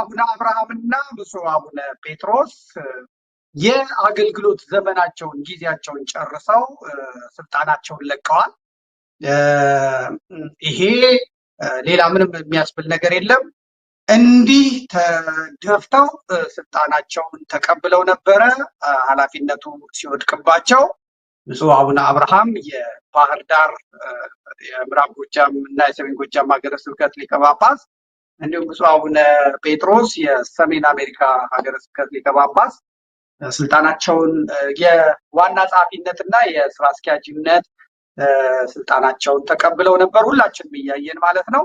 አቡነ አቡነ አብርሃምና ብፁዕ አቡነ ጴጥሮስ የአገልግሎት ዘመናቸውን ጊዜያቸውን ጨርሰው ስልጣናቸውን ለቀዋል። ይሄ ሌላ ምንም የሚያስብል ነገር የለም። እንዲህ ተደፍተው ስልጣናቸውን ተቀብለው ነበረ። ኃላፊነቱ ሲወድቅባቸው ብፁዕ አቡነ አብርሃም የባህር ዳር የምዕራብ ጎጃም እና የሰሜን ጎጃም ሀገረ ስብከት ሊቀ ጳጳስ እንዲሁም ብፁዕ አቡነ ጴጥሮስ የሰሜን አሜሪካ ሀገረ ስብከት ሊቀ ጳጳስ ስልጣናቸውን የዋና ጸሐፊነትና የስራ አስኪያጅነት ስልጣናቸውን ተቀብለው ነበር። ሁላችንም እያየን ማለት ነው።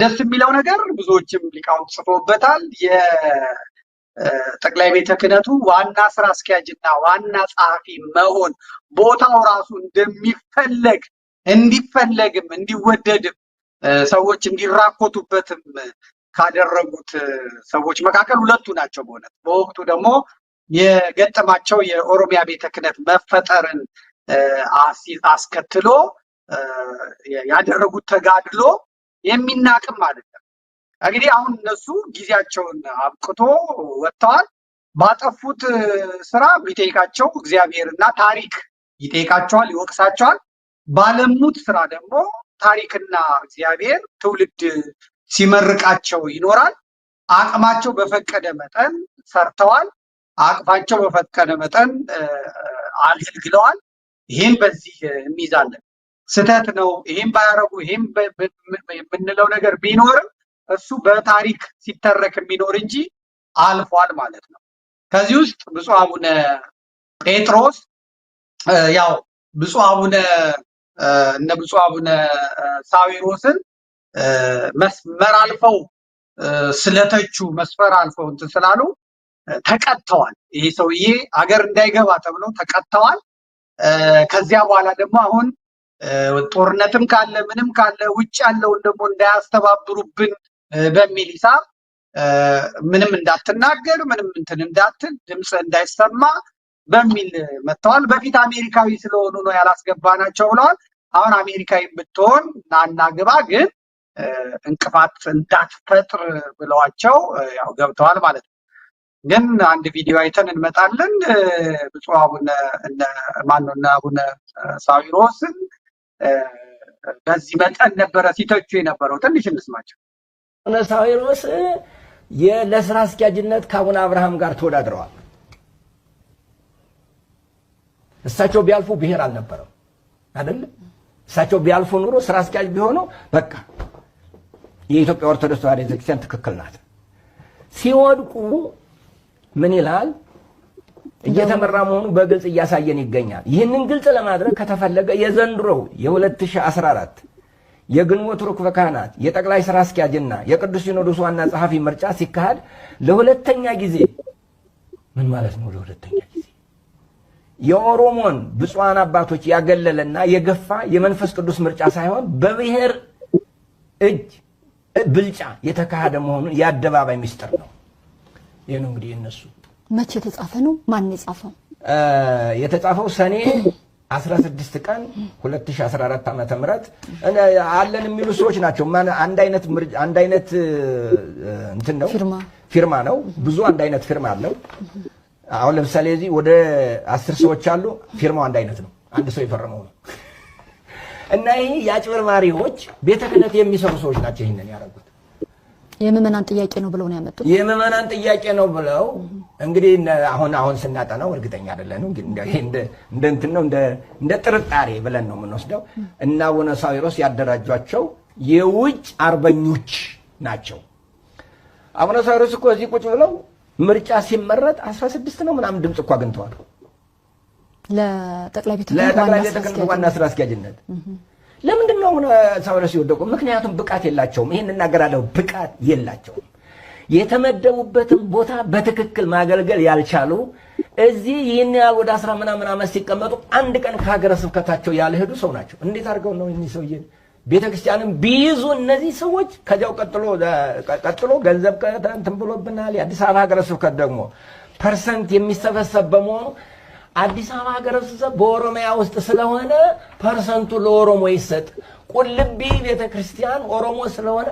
ደስ የሚለው ነገር ብዙዎችም ሊቃውንት ጽፎበታል። የጠቅላይ ቤተ ክህነቱ ዋና ስራ አስኪያጅና ዋና ጸሐፊ መሆን ቦታው ራሱ እንደሚፈለግ እንዲፈለግም እንዲወደድም ሰዎች እንዲራኮቱበትም ካደረጉት ሰዎች መካከል ሁለቱ ናቸው። በእውነት በወቅቱ ደግሞ የገጠማቸው የኦሮሚያ ቤተ ክህነት መፈጠርን አስከትሎ ያደረጉት ተጋድሎ የሚናቅም አይደለም። እንግዲህ አሁን እነሱ ጊዜያቸውን አብቅቶ ወጥተዋል። ባጠፉት ስራ ቢጠይቃቸው እግዚአብሔርና ታሪክ ይጠይቃቸዋል፣ ይወቅሳቸዋል። ባለሙት ስራ ደግሞ ታሪክና እግዚአብሔር ትውልድ ሲመርቃቸው ይኖራል። አቅማቸው በፈቀደ መጠን ሰርተዋል። አቅማቸው በፈቀደ መጠን አገልግለዋል። ይህን በዚህ እንይዛለን። ስህተት ነው ይህም ባያረጉ ይህም የምንለው ነገር ቢኖርም እሱ በታሪክ ሲተረክ የሚኖር እንጂ አልፏል ማለት ነው። ከዚህ ውስጥ ብፁዕ አቡነ ጴጥሮስ ያው ብፁዕ አቡነ እነ ብፁዕ አቡነ ሳዊሮስን መስመር አልፈው ስለተቹ መስፈር አልፈው እንትን ስላሉ ተቀጥተዋል። ይህ ሰውዬ አገር እንዳይገባ ተብለው ተቀጥተዋል። ከዚያ በኋላ ደግሞ አሁን ጦርነትም ካለ ምንም ካለ ውጭ ያለውን ደግሞ እንዳያስተባብሩብን በሚል ሂሳብ ምንም እንዳትናገር ምንም እንትን እንዳትል ድምፅ እንዳይሰማ በሚል መጥተዋል። በፊት አሜሪካዊ ስለሆኑ ነው ያላስገባ ናቸው ብለዋል። አሁን አሜሪካዊ ብትሆን ናና ግባ ግን እንቅፋት እንዳትፈጥር ብለዋቸው ያው ገብተዋል ማለት ነው። ግን አንድ ቪዲዮ አይተን እንመጣለን። ብፁ አቡነ ማነውና አቡነ ሳዊሮስን በዚህ መጠን ነበረ ሲተቹ የነበረው። ትንሽ እንስማቸው። አቡነ ሳዊሮስ ለስራ አስኪያጅነት ከአቡነ አብርሃም ጋር ተወዳድረዋል። እሳቸው ቢያልፉ ብሔር አልነበረም አይደለም። እሳቸው ቢያልፉ ኑሮ ስራ አስኪያጅ ቢሆኑ በቃ የኢትዮጵያ ኦርቶዶክስ ተዋሕዶ ቤተክርስቲያን ትክክል ናት። ሲወድቁ ምን ይላል? እየተመራ መሆኑ በግልጽ እያሳየን ይገኛል። ይህንን ግልጽ ለማድረግ ከተፈለገ የዘንድሮው የ2014 የግንቦት ርክበ ካህናት የጠቅላይ ስራ አስኪያጅና የቅዱስ ሲኖዶስ ዋና ጸሐፊ ምርጫ ሲካሄድ ለሁለተኛ ጊዜ ምን ማለት ነው? ለሁለተኛ የኦሮሞን ብፁዓን አባቶች ያገለለና የገፋ የመንፈስ ቅዱስ ምርጫ ሳይሆን በብሔር እጅ ብልጫ የተካሄደ መሆኑን የአደባባይ ምስጢር ነው። ይህ ነው እንግዲህ እነሱ መቼ የተጻፈ ነው? ማን የጻፈው? የተጻፈው ሰኔ 16 ቀን 2014 ዓ ም አለን የሚሉ ሰዎች ናቸው። አንድ አይነት እንትን ነው ፊርማ ነው። ብዙ አንድ አይነት ፊርማ አለው። አሁን ለምሳሌ እዚህ ወደ አስር ሰዎች አሉ። ፊርማው አንድ አይነት ነው፣ አንድ ሰው የፈረመው ነው። እና ይህ የአጭበርባሪዎች ቤተ ክህነት የሚሰሩ ሰዎች ናቸው ይህንን ያደረጉት። የምዕመናን ጥያቄ ነው ብለው ነው ያመጡት። የምዕመናን ጥያቄ ነው ብለው እንግዲህ አሁን አሁን ስናጠናው እርግጠኛ አይደለንም፣ እንደ እንትን ነው እንደ ጥርጣሬ ብለን ነው የምንወስደው። እና አቡነ ሳዊሮስ ያደራጇቸው የውጭ አርበኞች ናቸው። አቡነ ሳዊሮስ እኮ እዚህ ቁጭ ብለው ምርጫ ሲመረጥ 16 ነው ምናምን ድምፅ እኮ አግኝተዋል ለጠቅላይ ቤተ ክህነቱ ዋና ስራ አስኪያጅነት። ለምንድን ነው አሁን ሳውረስ ምክንያቱም ብቃት የላቸውም። ይህን እናገራለሁ። ብቃት የላቸውም። የተመደቡበትን ቦታ በትክክል ማገልገል ያልቻሉ እዚህ ይህን ያህል ወደ አስራ ምናምን ዓመት ሲቀመጡ አንድ ቀን ከሀገረ ስብከታቸው ያልሄዱ ሰው ናቸው። እንዴት አድርገው ነው እኚህ ሰውዬ ቤተ ክርስቲያንም ቢይዙ እነዚህ ሰዎች ከዚያው ቀጥሎ ገንዘብ እንትን ብሎብናል። የአዲስ አበባ ሀገረ ስብከት ደግሞ ፐርሰንት የሚሰበሰብ በመሆኑ አዲስ አበባ ሀገረ ስብከት በኦሮሚያ ውስጥ ስለሆነ ፐርሰንቱ ለኦሮሞ ይሰጥ። ቁልቢ ቤተ ክርስቲያን ኦሮሞ ስለሆነ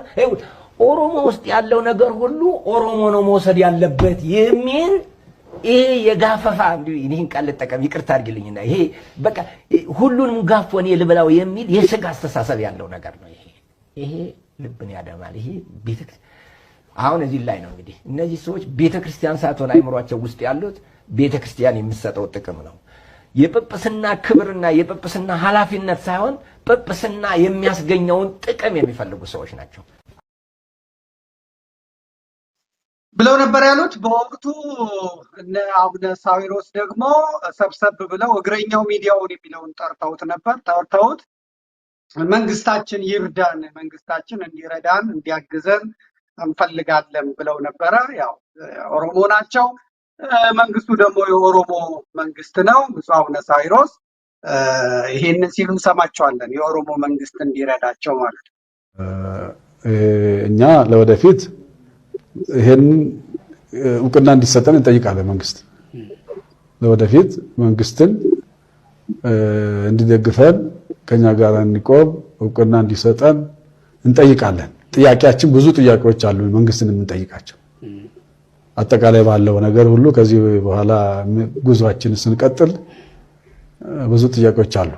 ኦሮሞ ውስጥ ያለው ነገር ሁሉ ኦሮሞ ነው መውሰድ ያለበት የሚል ይሄ የጋፈፋ እንዲሁ ይህን ቃል ልጠቀም ይቅርታ አድርግልኝና፣ ይሄ በቃ ሁሉንም ጋፎ እኔ ልበላው የሚል የስጋ አስተሳሰብ ያለው ነገር ነው። ይሄ ይሄ ልብን ያደማል። ይሄ ቤተ አሁን እዚህ ላይ ነው እንግዲህ እነዚህ ሰዎች ቤተ ክርስቲያን ሳትሆን አይምሯቸው ውስጥ ያሉት ቤተ ክርስቲያን የምትሰጠው ጥቅም ነው። የጵጵስና ክብርና የጵጵስና ኃላፊነት ሳይሆን ጵጵስና የሚያስገኘውን ጥቅም የሚፈልጉ ሰዎች ናቸው። ብለው ነበር ያሉት። በወቅቱ እነ አቡነ ሳዊሮስ ደግሞ ሰብሰብ ብለው እግረኛው ሚዲያውን የሚለውን ጠርተውት ነበር። ጠርተውት መንግስታችን ይርዳን፣ መንግስታችን እንዲረዳን እንዲያግዘን እንፈልጋለን ብለው ነበረ። ያው ኦሮሞ ናቸው፣ መንግስቱ ደግሞ የኦሮሞ መንግስት ነው። ብፁዕ አቡነ ሳዊሮስ ይሄንን ሲሉ እንሰማቸዋለን። የኦሮሞ መንግስት እንዲረዳቸው ማለት ነው። እኛ ለወደፊት ይሄን እውቅና እንዲሰጠን እንጠይቃለን። መንግስት ለወደፊት መንግስትን እንዲደግፈን ከኛ ጋር እንዲቆም እውቅና እንዲሰጠን እንጠይቃለን። ጥያቄያችን ብዙ ጥያቄዎች አሉ፣ መንግስትን የምንጠይቃቸው አጠቃላይ ባለው ነገር ሁሉ። ከዚህ በኋላ ጉዟችን ስንቀጥል ብዙ ጥያቄዎች አሉ።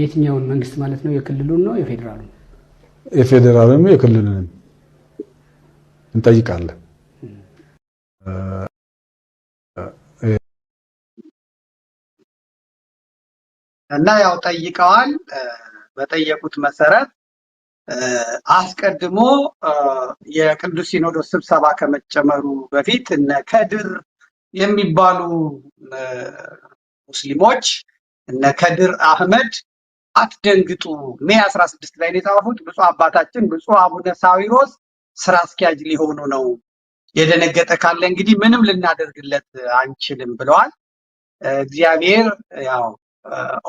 የትኛውን መንግስት ማለት ነው? የክልሉን ነው? የፌዴራሉን? የፌዴራሉንም የክልሉንም እንጠይቃለን። እና ያው ጠይቀዋል። በጠየቁት መሰረት አስቀድሞ የቅዱስ ሲኖዶስ ስብሰባ ከመጨመሩ በፊት እነ ከድር የሚባሉ ሙስሊሞች እነ ከድር አህመድ አትደንግጡ ሜ 16 ላይ ነው የጻፉት። ብፁ አባታችን ብፁ አቡነ ሳዊሮስ ስራ አስኪያጅ ሊሆኑ ነው። የደነገጠ ካለ እንግዲህ ምንም ልናደርግለት አንችልም ብለዋል። እግዚአብሔር ያው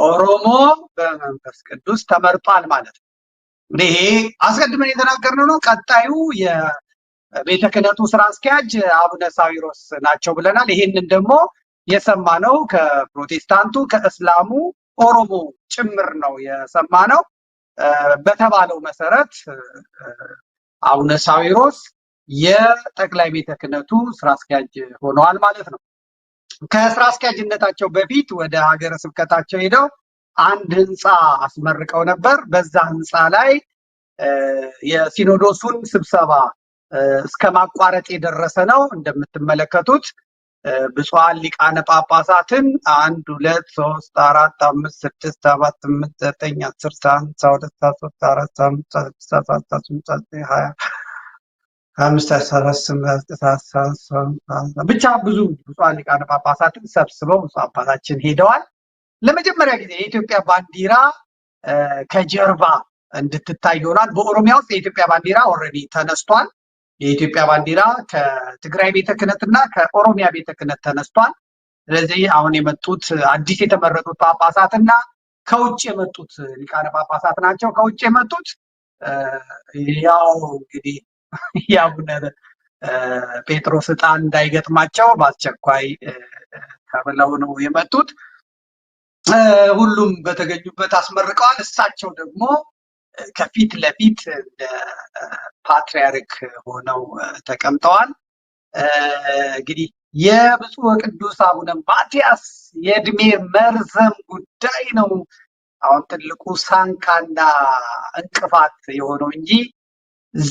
ኦሮሞ በመንፈስ ቅዱስ ተመርጧል ማለት ነው። ይሄ አስቀድመን የተናገርነው ነው። ቀጣዩ የቤተ ክህነቱ ስራ አስኪያጅ አቡነ ሳዊሮስ ናቸው ብለናል። ይሄንን ደግሞ የሰማ ነው ከፕሮቴስታንቱ ከእስላሙ ኦሮሞ ጭምር ነው የሰማ ነው። በተባለው መሰረት አቡነ ሳዊሮስ የጠቅላይ ቤተ ክህነቱ ስራ አስኪያጅ ሆነዋል ማለት ነው። ከስራ አስኪያጅነታቸው በፊት ወደ ሀገረ ስብከታቸው ሄደው አንድ ህንፃ አስመርቀው ነበር። በዛ ህንፃ ላይ የሲኖዶሱን ስብሰባ እስከ ማቋረጥ የደረሰ ነው እንደምትመለከቱት። ብፁዓን ሊቃነ ጳጳሳትን አንድ ሁለት ሶስት አራት አምስት ስድስት ሰባት ስምንት ዘጠኝ አስር አስራ ሁለት አስራ ሶስት አራት አምስት ስድስት አስራ አራት አስራ ስምንት ሀያ አምስት አስራ ስምንት ብቻ ብዙ ብፁዓን ሊቃነ ጳጳሳትን ሰብስበው ብፁዕ አባታችን ሄደዋል። ለመጀመሪያ ጊዜ የኢትዮጵያ ባንዲራ ከጀርባ እንድትታይ ይሆናል። በኦሮሚያ ውስጥ የኢትዮጵያ ባንዲራ ኦልሬዲ ተነስቷል። የኢትዮጵያ ባንዲራ ከትግራይ ቤተ ክህነት እና ከኦሮሚያ ቤተ ክህነት ተነስቷል። ስለዚህ አሁን የመጡት አዲስ የተመረጡት ጳጳሳት እና ከውጭ የመጡት ሊቃነ ጳጳሳት ናቸው። ከውጭ የመጡት ያው እንግዲህ የአቡነ ጴጥሮስ ዕጣ እንዳይገጥማቸው በአስቸኳይ ተብለው ነው የመጡት። ሁሉም በተገኙበት አስመርቀዋል። እሳቸው ደግሞ ከፊት ለፊት ፓትሪያርክ ሆነው ተቀምጠዋል። እንግዲህ የብፁዕ ወቅዱስ አቡነ ማትያስ የእድሜ መርዘም ጉዳይ ነው አሁን ትልቁ ሳንካና እንቅፋት የሆነው እንጂ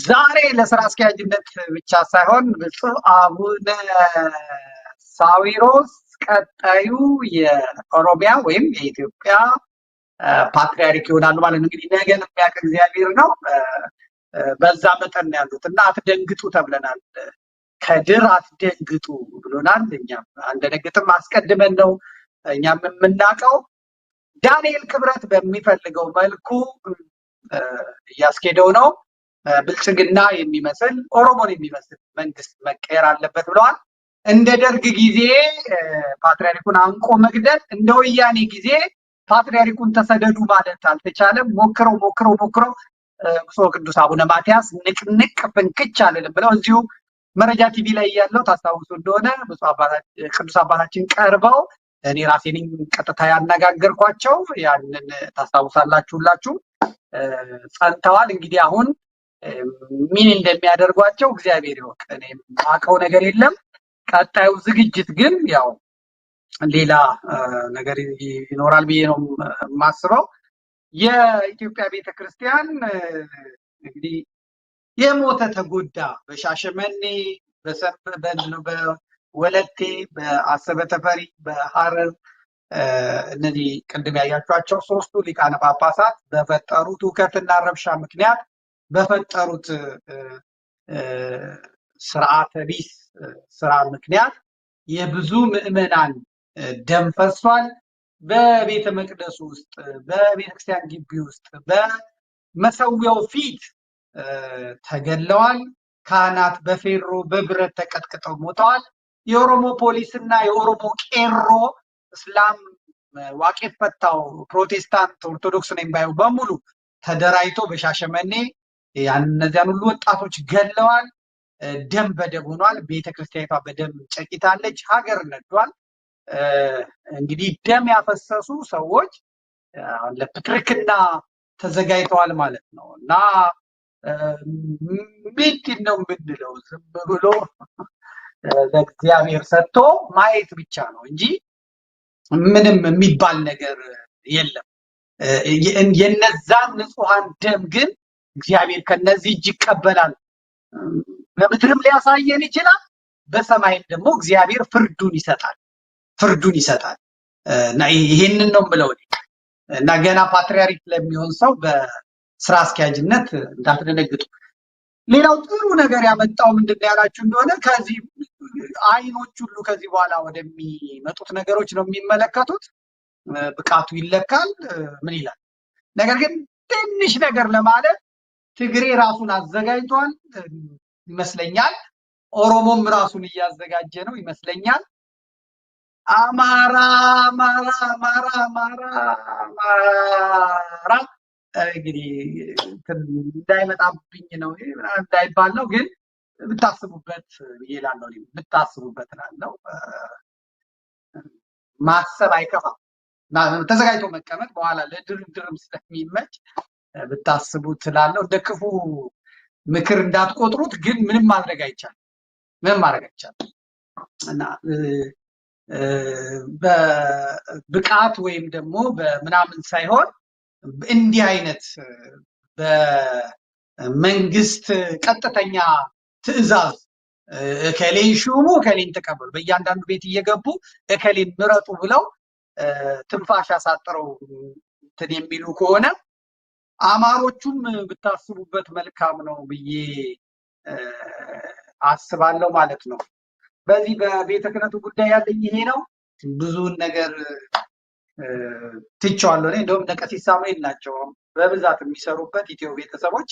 ዛሬ ለስራ አስኪያጅነት ብቻ ሳይሆን ብፁዕ አቡነ ሳዊሮስ ቀጣዩ የኦሮሚያ ወይም የኢትዮጵያ ፓትሪያርክ ይሆናሉ ማለት ነው። እንግዲህ ነገን የሚያውቅ እግዚአብሔር ነው። በዛ መጠን ያሉት እና አትደንግጡ ተብለናል። ከድር አትደንግጡ ብሎናል። እኛም አንደነግጥም። አስቀድመን ነው እኛም የምናውቀው። ዳንኤል ክብረት በሚፈልገው መልኩ እያስኬደው ነው። ብልጽግና የሚመስል ኦሮሞን የሚመስል መንግስት መቀየር አለበት ብለዋል። እንደ ደርግ ጊዜ ፓትሪያርኩን አንቆ መግደል፣ እንደ ወያኔ ጊዜ ፓትሪያሪኩን ተሰደዱ ማለት አልተቻለም። ሞክረው ሞክረው ሞክረው ብፁዕ ቅዱስ አቡነ ማትያስ ንቅንቅ ፍንክች አልልም ብለው እዚሁ መረጃ ቲቪ ላይ ያለው ታስታውሱ እንደሆነ ቅዱስ አባታችን ቀርበው እኔ ራሴን ቀጥታ ያነጋገርኳቸው ያንን ታስታውሳላችሁ ሁላችሁ ጸንተዋል። እንግዲህ አሁን ምን እንደሚያደርጓቸው እግዚአብሔር ይወቅ። እኔ አውቀው ነገር የለም። ቀጣዩ ዝግጅት ግን ያው ሌላ ነገር ይኖራል ብዬ ነው የማስበው። የኢትዮጵያ ቤተክርስቲያን እንግዲህ የሞተ ተጎዳ በሻሸመኔ በወለቴ በአሰበ ተፈሪ በሀረር እነዚህ ቅድም ያያቸዋቸው ሶስቱ ሊቃነ ጳጳሳት በፈጠሩት እውከትና ረብሻ ምክንያት በፈጠሩት ስርዓተ ቢስ ስራ ምክንያት የብዙ ምዕመናን ደም ፈሷል። በቤተ መቅደሱ ውስጥ በቤተክርስቲያን ግቢ ውስጥ በመሰዊያው ፊት ተገለዋል። ካህናት በፌሮ በብረት ተቀጥቅጠው ሞተዋል። የኦሮሞ ፖሊስ እና የኦሮሞ ቄሮ እስላም ዋቄ ፈታው ፕሮቴስታንት ኦርቶዶክስ ነኝ ባዩ በሙሉ ተደራጅቶ በሻሸመኔ እነዚያን ሁሉ ወጣቶች ገለዋል። ደም በደም ሆኗል። ቤተክርስቲያኒቷ በደም ጨቂታለች። ሀገር ነዷል። እንግዲህ ደም ያፈሰሱ ሰዎች ለፕትርክና ተዘጋጅተዋል ማለት ነው እና ምንድን ነው የምንለው? ዝም ብሎ ለእግዚአብሔር ሰጥቶ ማየት ብቻ ነው እንጂ ምንም የሚባል ነገር የለም። የነዛን ንጹሀን ደም ግን እግዚአብሔር ከነዚህ እጅ ይቀበላል። በምድርም ሊያሳየን ይችላል፣ በሰማይም ደግሞ እግዚአብሔር ፍርዱን ይሰጣል። ፍርዱን ይሰጣል እና ይሄንን ነው ብለው እና ገና ፓትሪያሪክ ለሚሆን ሰው በስራ አስኪያጅነት እንዳትደነግጡ። ሌላው ጥሩ ነገር ያመጣው ምንድን ነው ያላችሁ እንደሆነ ከዚህ አይኖች ሁሉ ከዚህ በኋላ ወደሚመጡት ነገሮች ነው የሚመለከቱት። ብቃቱ ይለካል ምን ይላል። ነገር ግን ትንሽ ነገር ለማለት ትግሬ ራሱን አዘጋጅቷል ይመስለኛል። ኦሮሞም ራሱን እያዘጋጀ ነው ይመስለኛል። አማራ አማራ አማራ አማራ አማራ እንግዲህ እንዳይመጣብኝ ነው እንዳይባል ነው። ግን ብታስቡበት ይላለው ብታስቡበት ላለው ማሰብ አይከፋም። ተዘጋጅቶ መቀመጥ በኋላ ለድርድርም ስለሚመች ብታስቡት ላለው እንደ ክፉ ምክር እንዳትቆጥሩት። ግን ምንም ማድረግ አይቻልም፣ ምንም ማድረግ አይቻልም እና በብቃት ወይም ደግሞ በምናምን ሳይሆን እንዲህ አይነት በመንግስት ቀጥተኛ ትዕዛዝ እከሌን ሹሙ፣ እከሌን ተቀበሉ፣ በእያንዳንዱ ቤት እየገቡ እከሌን ምረጡ ብለው ትንፋሽ አሳጥረው እንትን የሚሉ ከሆነ አማሮቹም ብታስቡበት መልካም ነው ብዬ አስባለው ማለት ነው። በዚህ በቤተ ክህነቱ ጉዳይ ያለኝ ይሄ ነው። ብዙውን ነገር ትቸዋለሁ። እኔ እንደውም ነቀሲሳ ሳሙኤል ናቸው በብዛት የሚሰሩበት ኢትዮ ቤተሰቦች